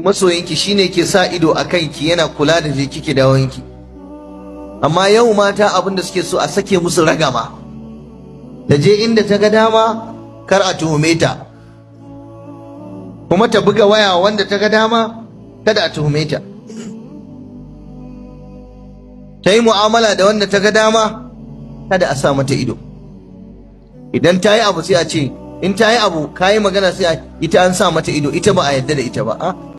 masoyinki shine ke sa ido a kanki yana kula da je kike dawonki amma yau mata abin da suke so a sake musu ragama da je inda ta ga dama kar a tuhume ta kuma ta buga waya wanda ta ga dama kada a tuhume ta ta yi mu'amala da wanda ta ga dama kada a sa mata ido idan ta yi abu sai a ce in ta yi abu ka yi magana sai ita an sa mata ido ita ba a yadda da ita ba